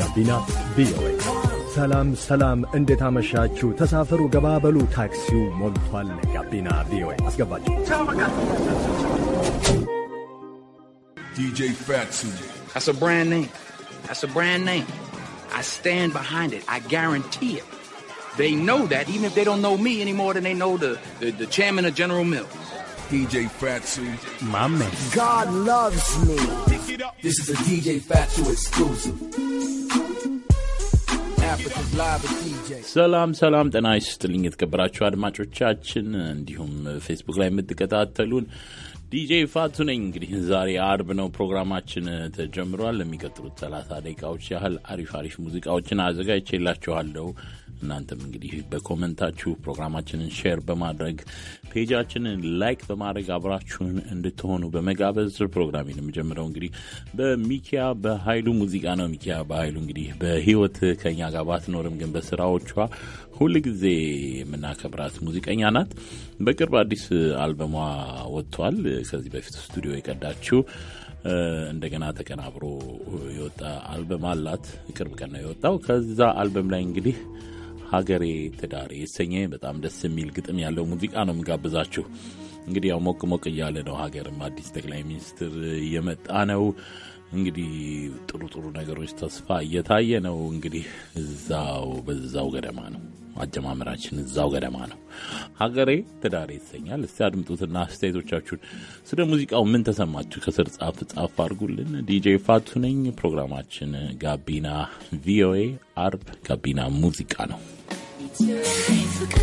ጋቢና ቪኦኤ። ሰላም ሰላም፣ እንዴት አመሻችሁ? ተሳፈሩ፣ ገባበሉ፣ ታክሲው ሞልቷል። ጋቢና ቪኦኤ አስገባችሁ። DJ Fatso. That's a brand name. That's a brand name. I stand behind it. I guarantee it. They know that even if they don't know me any more than they know the, the, the chairman of General Mills. DJ Fatsu. My man. God loves me. This is a DJ Fatso exclusive. ሰላም ሰላም፣ ጤና ይስጥልኝ የተከበራችሁ አድማጮቻችን፣ እንዲሁም ፌስቡክ ላይ የምትከታተሉን ዲጄ ፋቱ ነኝ። እንግዲህ ዛሬ አርብ ነው፣ ፕሮግራማችን ተጀምሯል። ለሚቀጥሉት ሰላሳ ደቂቃዎች ያህል አሪፍ አሪፍ ሙዚቃዎችን አዘጋጅቼላችኋለሁ። እናንተም እንግዲህ በኮመንታችሁ ፕሮግራማችንን ሼር በማድረግ ፔጃችንን ላይክ በማድረግ አብራችሁን እንድትሆኑ በመጋበዝ ፕሮግራሜን የምጀምረው እንግዲህ በሚኪያ በኃይሉ ሙዚቃ ነው። ሚኪያ በኃይሉ እንግዲህ በህይወት ከኛ ጋር ባትኖርም ግን በስራዎቿ ጊዜ የምናከብራት ሙዚቀኛ ናት። በቅርብ አዲስ አልበሟ ወጥቷል። ከዚህ በፊት ስቱዲዮ የቀዳችው እንደገና ተቀናብሮ የወጣ አልበም አላት። ቅርብ ቀን ነው የወጣው። ከዛ አልበም ላይ እንግዲህ ሀገሬ ትዳሬ የተሰኘ በጣም ደስ የሚል ግጥም ያለው ሙዚቃ ነው የምጋብዛችሁ። እንግዲህ ያው ሞቅ ሞቅ እያለ ነው፣ ሀገርም አዲስ ጠቅላይ ሚኒስትር እየመጣ ነው። እንግዲህ ጥሩ ጥሩ ነገሮች ተስፋ እየታየ ነው። እንግዲህ እዛው በዛው ገደማ ነው። አጀማመራችን እዛው ገደማ ነው። ሀገሬ ትዳሬ ይሰኛል። እስቲ አድምጡትና አስተያየቶቻችሁን ስለ ሙዚቃው ምን ተሰማችሁ ከስር ጻፍ ጻፍ አድርጉልን። ዲጄ ፋቱ ነኝ። ፕሮግራማችን ጋቢና ቪኦኤ አርብ ጋቢና ሙዚቃ ነው። ፍቅር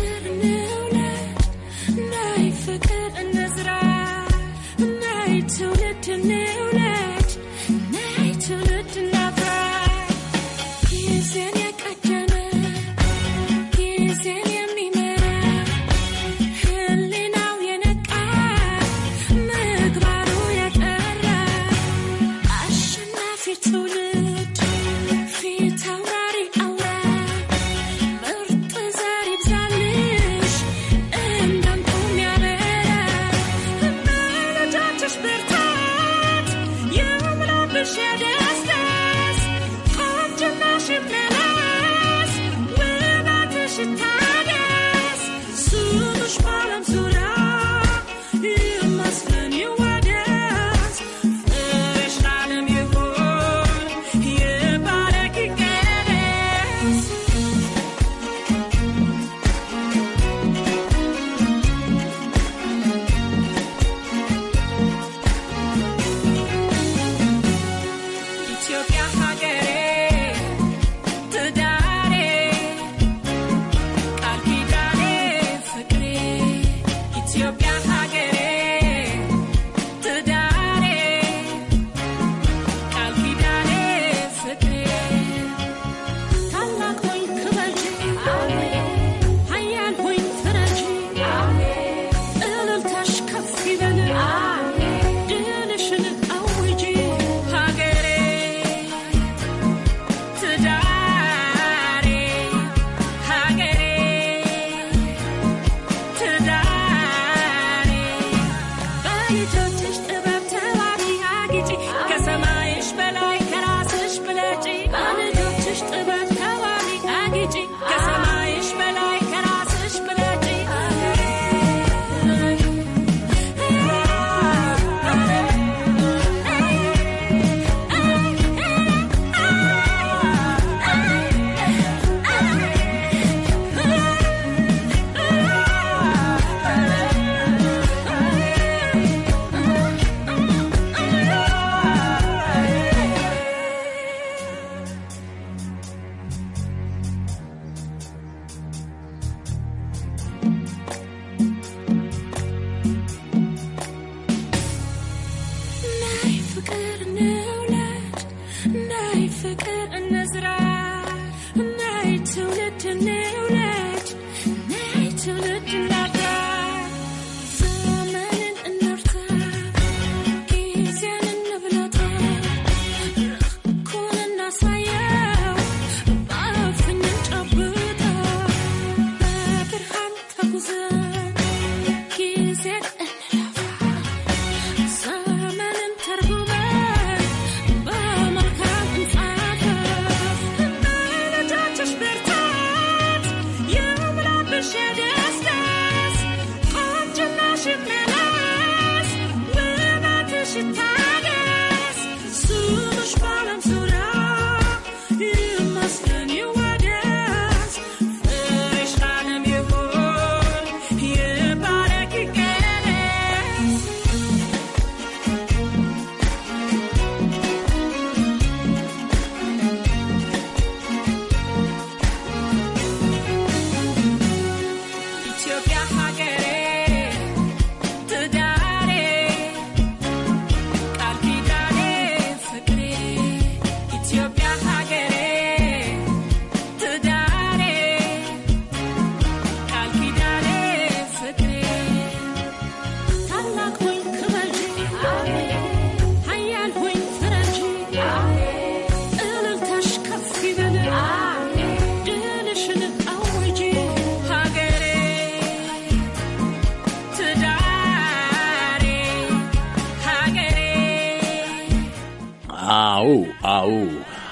Yeah.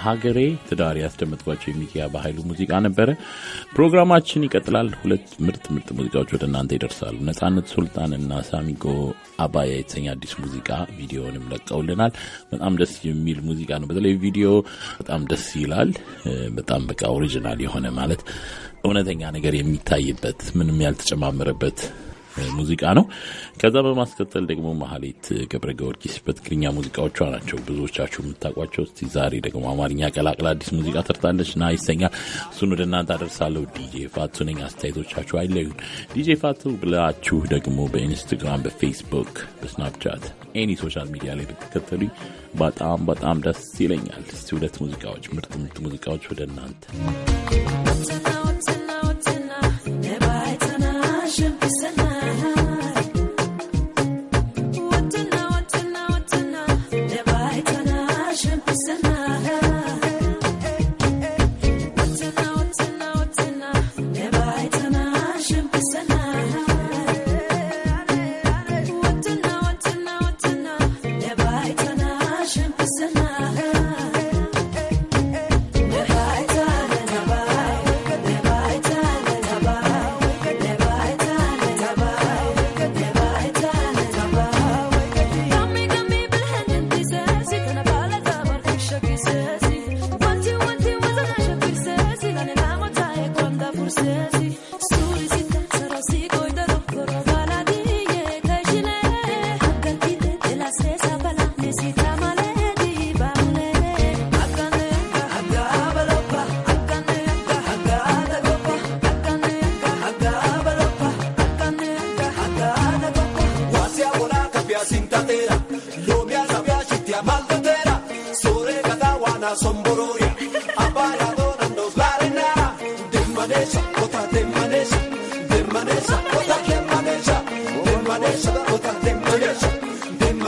ሀገሬ ትዳር ያስደመጥኳቸው የሚኪያ በኃይሉ ሙዚቃ ነበረ። ፕሮግራማችን ይቀጥላል። ሁለት ምርጥ ምርጥ ሙዚቃዎች ወደ እናንተ ይደርሳሉ። ነጻነት ሱልጣን እና ሳሚጎ አባያ የተሰኘ አዲስ ሙዚቃ ቪዲዮንም ለቀውልናል። በጣም ደስ የሚል ሙዚቃ ነው። በተለይ ቪዲዮ በጣም ደስ ይላል። በጣም በቃ ኦሪጂናል የሆነ ማለት እውነተኛ ነገር የሚታይበት ምንም ያልተጨማመረበት ሙዚቃ ነው። ከዛ በማስከተል ደግሞ መሀሌት ገብረ ጊዮርጊስ በትግርኛ ሙዚቃዎቿ ናቸው ብዙዎቻችሁ የምታውቋቸው። እስቲ ዛሬ ደግሞ አማርኛ ቀላቅላ አዲስ ሙዚቃ ትርታለች ና ይሰኛል። እሱን ወደ እናንተ አደርሳለሁ። ዲጄ ፋቱ ነኝ። አስተያየቶቻችሁ አይለዩን። ዲጄ ፋቱ ብላችሁ ደግሞ በኢንስታግራም፣ በፌስቡክ፣ በስናፕቻት ኤኒ ሶሻል ሚዲያ ላይ ብትከተሉኝ በጣም በጣም ደስ ይለኛል። እስቲ ሁለት ሙዚቃዎች ምርጥ ምርጥ ሙዚቃዎች ወደ እናንተ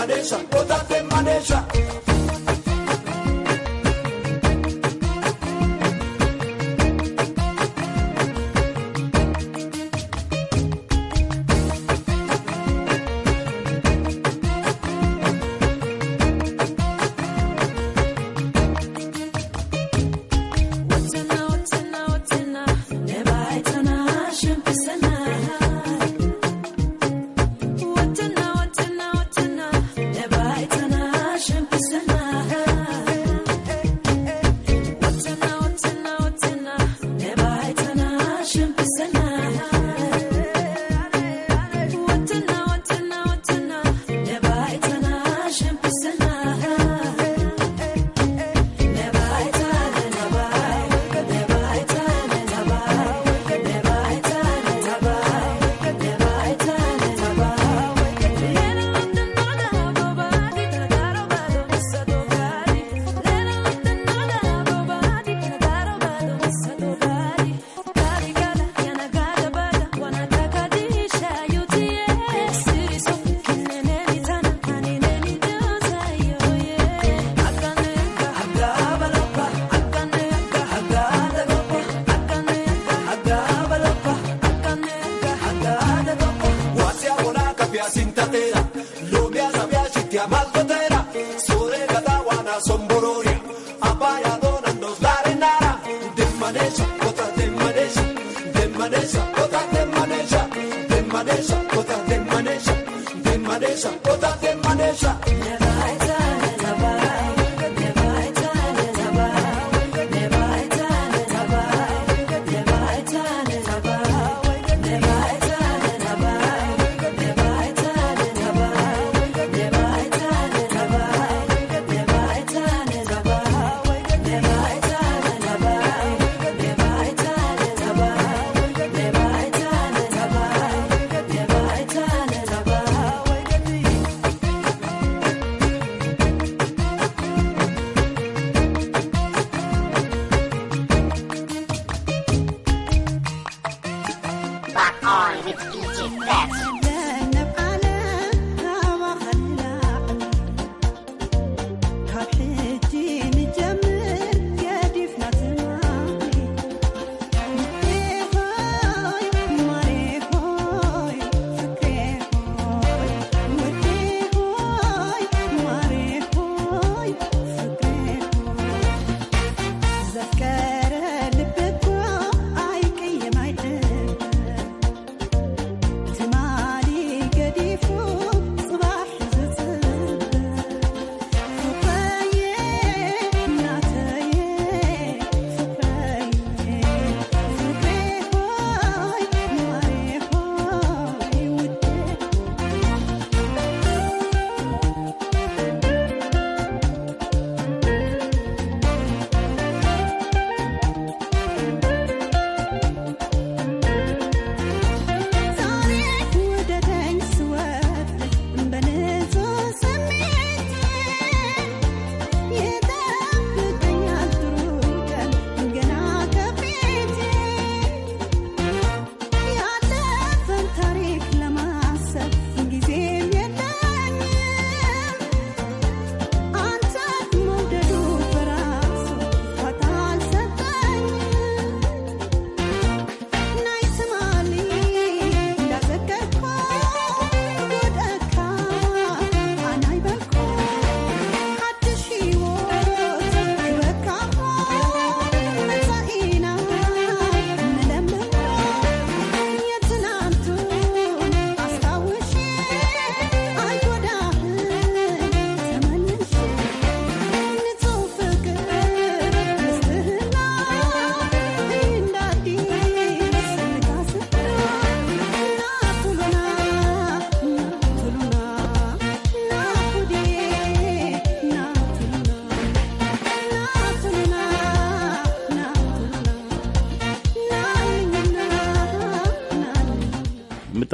maneja, todas te maneja.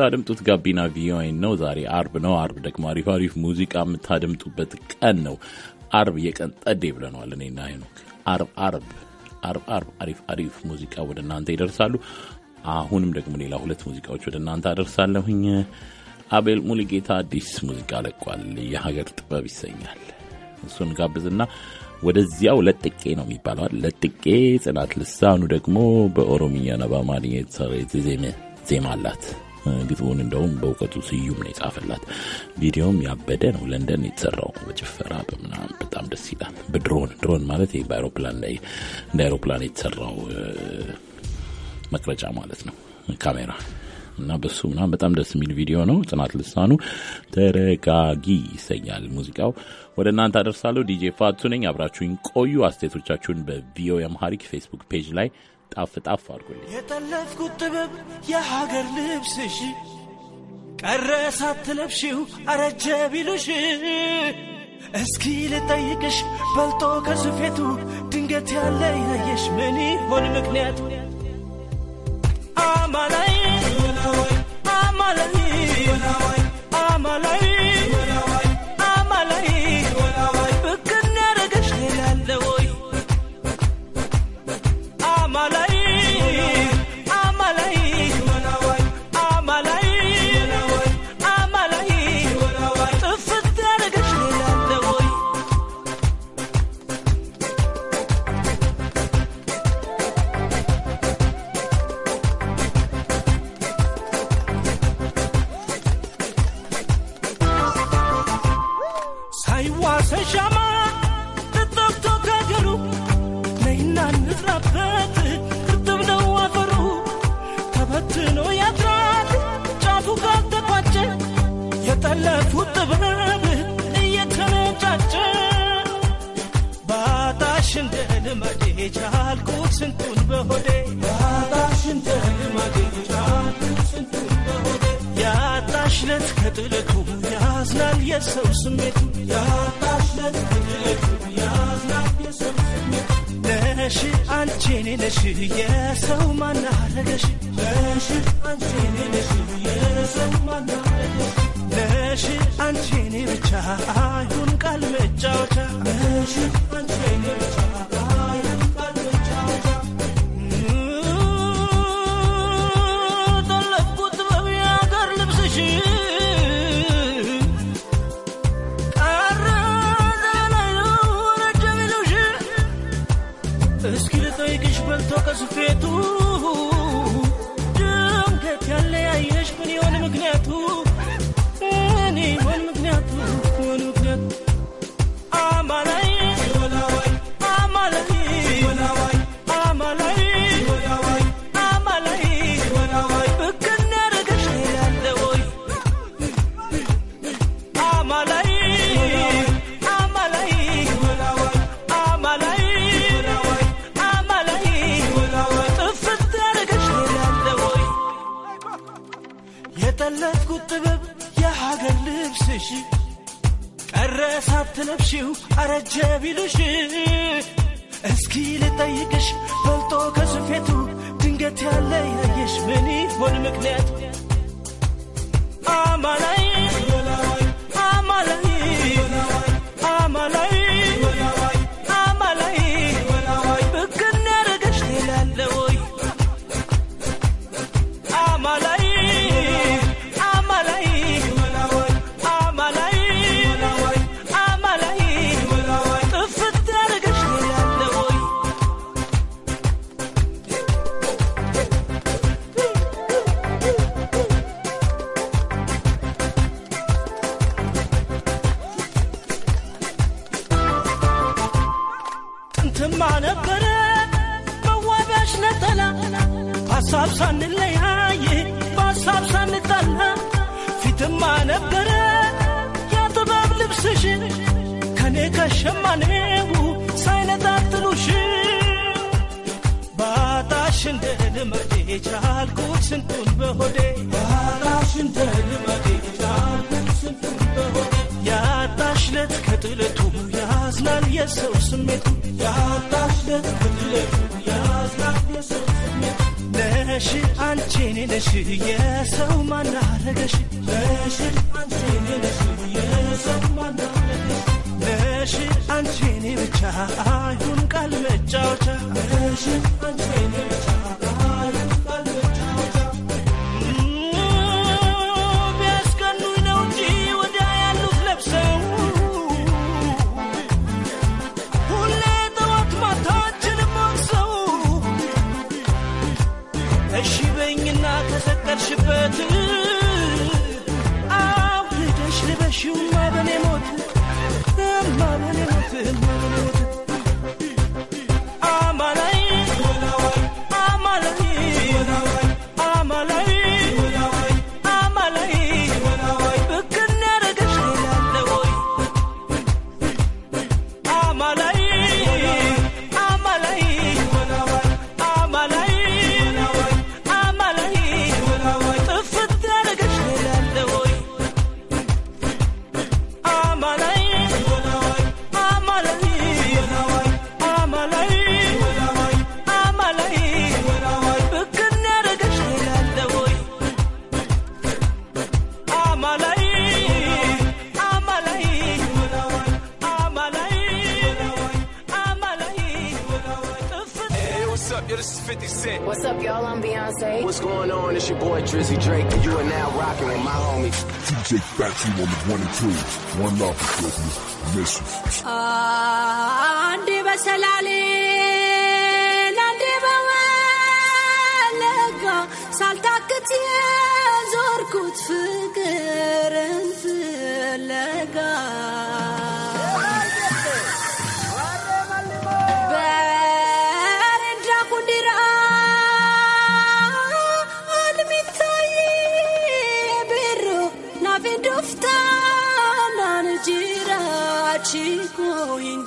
የምታደምጡት ጋቢና ቪኦኤ ነው። ዛሬ አርብ ነው። አርብ ደግሞ አሪፍ አሪፍ ሙዚቃ የምታደምጡበት ቀን ነው። አርብ የቀን ጠዴ ብለነዋል እኔና ሄኖክ። አርብ አርብ አርብ አርብ አሪፍ አሪፍ ሙዚቃ ወደ እናንተ ይደርሳሉ። አሁንም ደግሞ ሌላ ሁለት ሙዚቃዎች ወደ እናንተ አደርሳለሁኝ። አቤል ሙሉጌታ አዲስ ሙዚቃ ለቋል። የሀገር ጥበብ ይሰኛል። እሱን ጋብዝና ወደዚያው ለጥቄ ነው የሚባለዋል። ለጥቄ ጽናት ልሳኑ ደግሞ በኦሮምኛና በአማርኛ የተሰራ ዜማ አላት። ግጥሙን እንደውም በእውቀቱ ስዩም ነው የጻፈላት። ቪዲዮም ያበደ ነው። ለንደን የተሰራው በጭፈራ በምናምን በጣም ደስ ይላል። በድሮን ድሮን ማለት ይሄ በአይሮፕላን ላይ እንደ አይሮፕላን የተሰራው መቅረጫ ማለት ነው ካሜራ እና በሱ ምናምን በጣም ደስ የሚል ቪዲዮ ነው። ጽናት ልሳኑ ተረጋጊ ይሰኛል ሙዚቃው። ወደ እናንተ አደርሳለሁ። ዲጄ ፋቱ ነኝ። አብራችሁኝ ቆዩ። አስተያየቶቻችሁን በቪኦኤ አምሃሪክ ፌስቡክ ፔጅ ላይ ጣፍ ጣፍ አድርጉልኝ። የጠለፍኩት ጥበብ የሀገር ልብስሽ ቀረ ሳትለብሽው አረጀ ቢሉሽ እስኪ ልጠይቅሽ በልጦ ከስፌቱ ድንገት ያለ ያየሽ ምን ይሆን ምክንያቱ? አማላይ አማላይ አማላይ ልስራበት እርጥብ ነው አፈሩ ተበትኖ ያድራል ጫፉ ካልተቋጨ የጠለፉት ጥበብ እየተነጫጨ ባጣሽ እንደ ልመዴ ቻልኩት ስንቱን በሆዴ ባጣሽ ነሽ አንቺ እኔ ነሽ የሰው ማናረገሽ ነሽ አንቺ እኔ ነሽ የሰው ማናረገሽ ነሽ አንቺ ብቻ አይሁን ቃል መጫወቻ ነሽ አንቺ እኔ ብቻ trocas de preto. ቢልሽው አረጀ ቢልሽ እስኪ ልጠይቅሽ በልጦ ከስፌቱ ድንገት ያለ ያየሽ ምን ይሆን ምክንያት ተልመዴ ቻልኩት ስንቱን በሆዴ ያራሽን ተልመዴ ቻልኩት ስንቱን በሆዴ ያጣሽለት ከጥለቱ ያዝናል የሰው ስሜቱ ያጣሽለት ከጥለቱ ያዝናል የሰው ስሜቱ ነሽ የሰው ማናረገሽ ነሽ አንቺ እኔ ነሽ የሰው ማናረገሽ ነሽ አንቺ እኔ ብቻ አይሁን ቃል መጫወቻ ነሽ አንቺ እኔ ብቻ to two on the one and two. One love for Brooklyn. Miss you. Andi basalale, andi bawalega. Salta kutiya zor kut fikir koo hin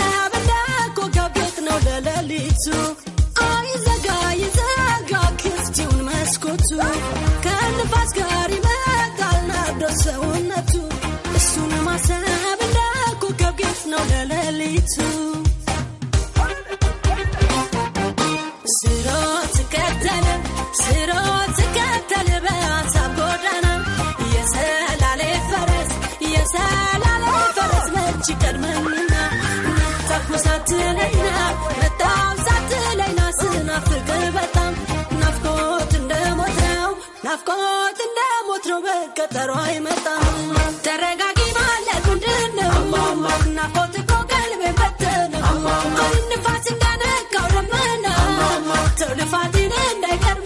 ቤቱ አይዘጋ ይዘጋ ክፍቱን መስኮቱ ከንፋስ ጋር ይመጣል ናርዶ ሰውነቱ እሱን ማሰብ እንደ ኮከብ ጌት ነው ለሌሊቱ ስሮ ትከተል ስሮ ትከተል በአሳብ ጎዳና የሰላሌ ፈረስ የሰላሌ ፈረስ መች ቀድመንና መጣኩ ናፍቆት እንደ ሞት ነው በቀጠሮ አይመጣም። ተረጋጊ ማለት ምንድን ነው? ናፍቆት እኮ ቀልቤ በተነ ንፋስ እንዳነካው ደመና ሰው ልፋትን እንዳይቀርበ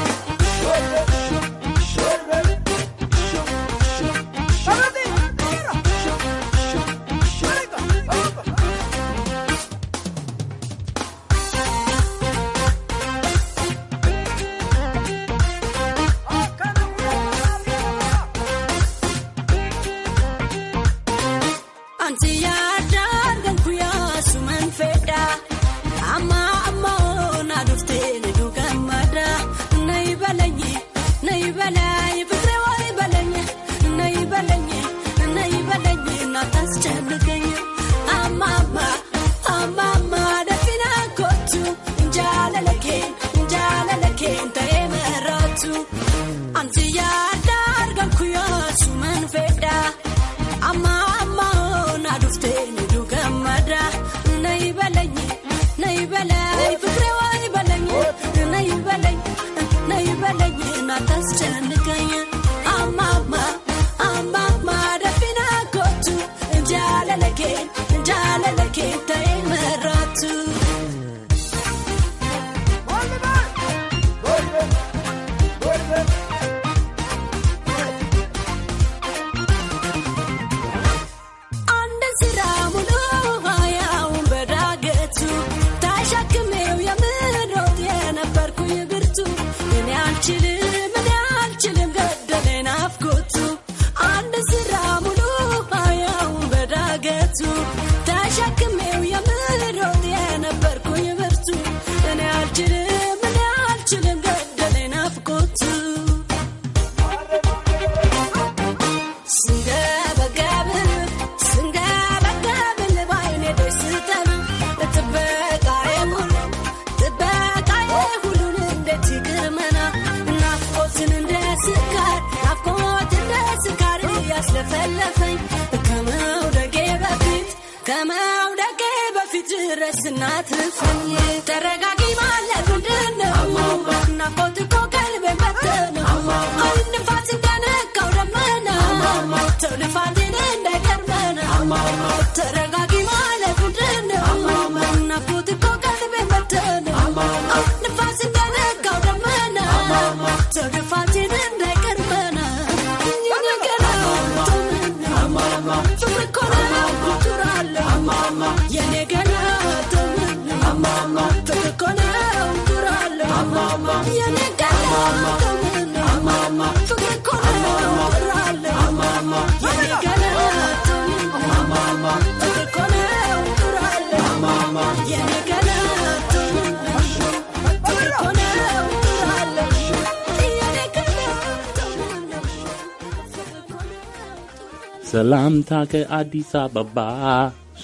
ሰላምታ ከአዲስ አበባ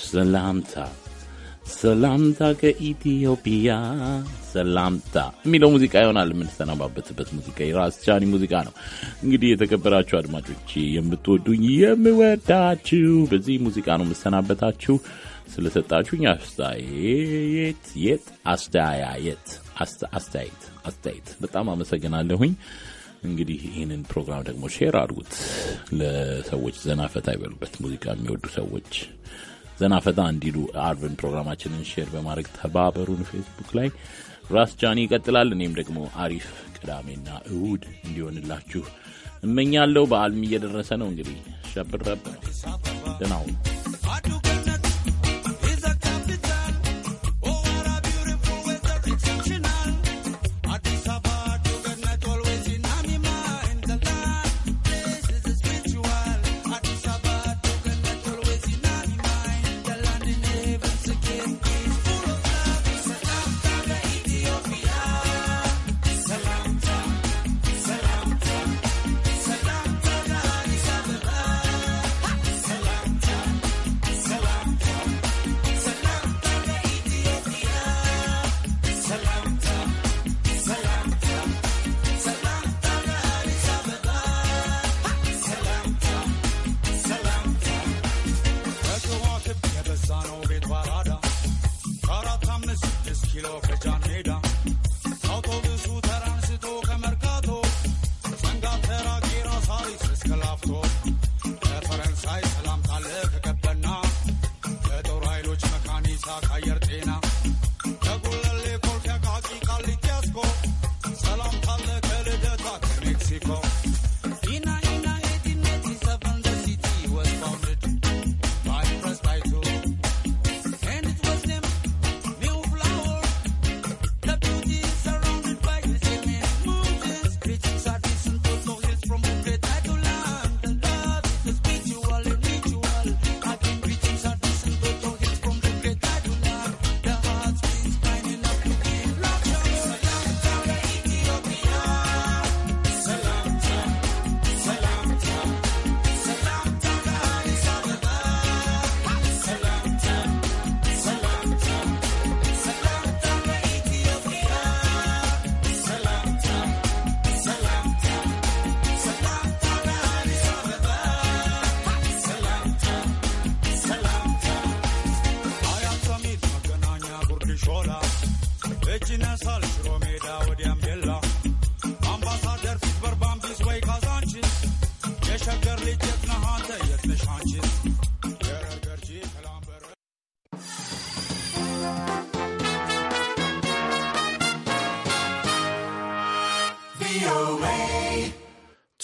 ሰላምታ ሰላምታ ከኢትዮጵያ ሰላምታ የሚለው ሙዚቃ ይሆናል የምንሰናባበትበት ሙዚቃ። የራስ ቻኒ ሙዚቃ ነው። እንግዲህ የተከበራችሁ አድማጮች የምትወዱኝ የምወዳችሁ በዚህ ሙዚቃ ነው የምሰናበታችሁ። ስለሰጣችሁኝ አስተያየት የት አስተያየት አስተያየት አስተያየት በጣም አመሰግናለሁኝ። እንግዲህ ይህንን ፕሮግራም ደግሞ ሼር አድርጉት ለሰዎች ዘና ፈታ ይበሉበት። ሙዚቃ የሚወዱ ሰዎች ዘና ፈታ እንዲሉ አርብን ፕሮግራማችንን ሼር በማድረግ ተባበሩን። ፌስቡክ ላይ ራስ ጃኒ ይቀጥላል። እኔም ደግሞ አሪፍ ቅዳሜና እሁድ እንዲሆንላችሁ እመኛለሁ። በዓልም እየደረሰ ነው። እንግዲህ ሸብረብ ነው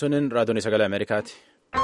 Sunin raadiyoon sagalee Ameerikaati.